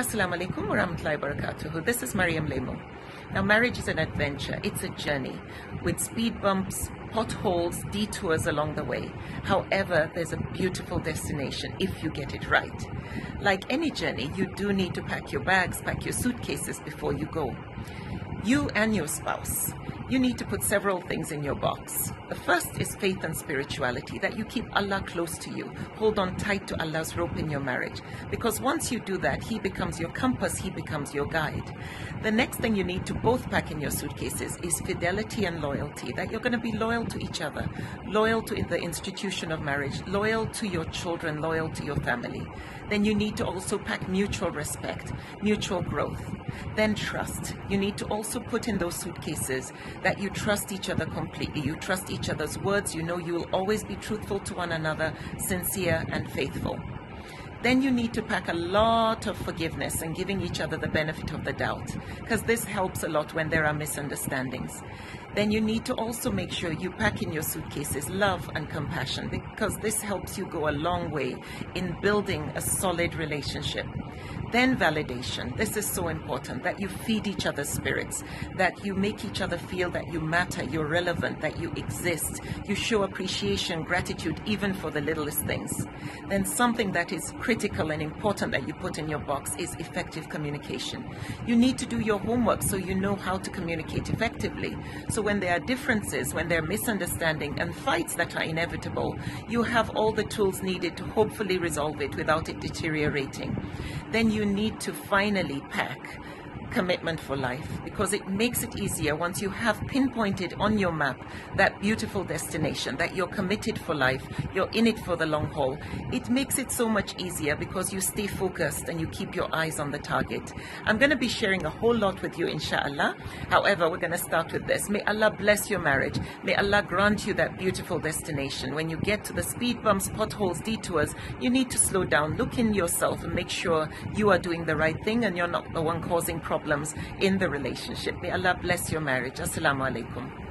Assalamu alaikum wa rahmatullahi wa barakatuhu. This is Mariam Lemo. Now, marriage is an adventure, it's a journey with speed bumps, potholes, detours along the way. However, there's a beautiful destination if you get it right. Like any journey, you do need to pack your bags, pack your suitcases before you go. You and your spouse you need to put several things in your box. The first is faith and spirituality, that you keep Allah close to you. Hold on tight to Allah's rope in your marriage. Because once you do that, He becomes your compass, He becomes your guide. The next thing you need to both pack in your suitcases is fidelity and loyalty, that you're going to be loyal to each other, loyal to the institution of marriage, loyal to your children, loyal to your family. Then you need to also pack mutual respect, mutual growth, then trust. You need to also put in those suitcases that you trust each other completely. You trust each other's words. You know you will always be truthful to one another, sincere and faithful. Then you need to pack a lot of forgiveness and giving each other the benefit of the doubt, because this helps a lot when there are misunderstandings. Then you need to also make sure you pack in your suitcases love and compassion, because this helps you go a long way in building a solid relationship. Then validation. This is so important that you feed each other's spirits, that you make each other feel that you matter, you're relevant, that you exist, you show appreciation, gratitude, even for the littlest things. Then something that is critical and important that you put in your box is effective communication. You need to do your homework so you know how to communicate effectively. So when there are differences, when there are misunderstanding and fights that are inevitable, you have all the tools needed to hopefully resolve it without it deteriorating. Then you you need to finally pack commitment for life because it makes it easier once you have pinpointed on your map that beautiful destination that you're committed for life, you're in it for the long haul. It makes it so much easier because you stay focused and you keep your eyes on the target. I'm going to be sharing a whole lot with you, inshallah. However, we're going to start with this. May Allah bless your marriage. May Allah grant you that beautiful destination. When you get to the speed bumps, potholes, detours, you need to slow down, look in yourself, and make sure you are doing the right thing and you're not the one causing problems problems in the relationship. May Allah bless your marriage. Assalamu alaikum.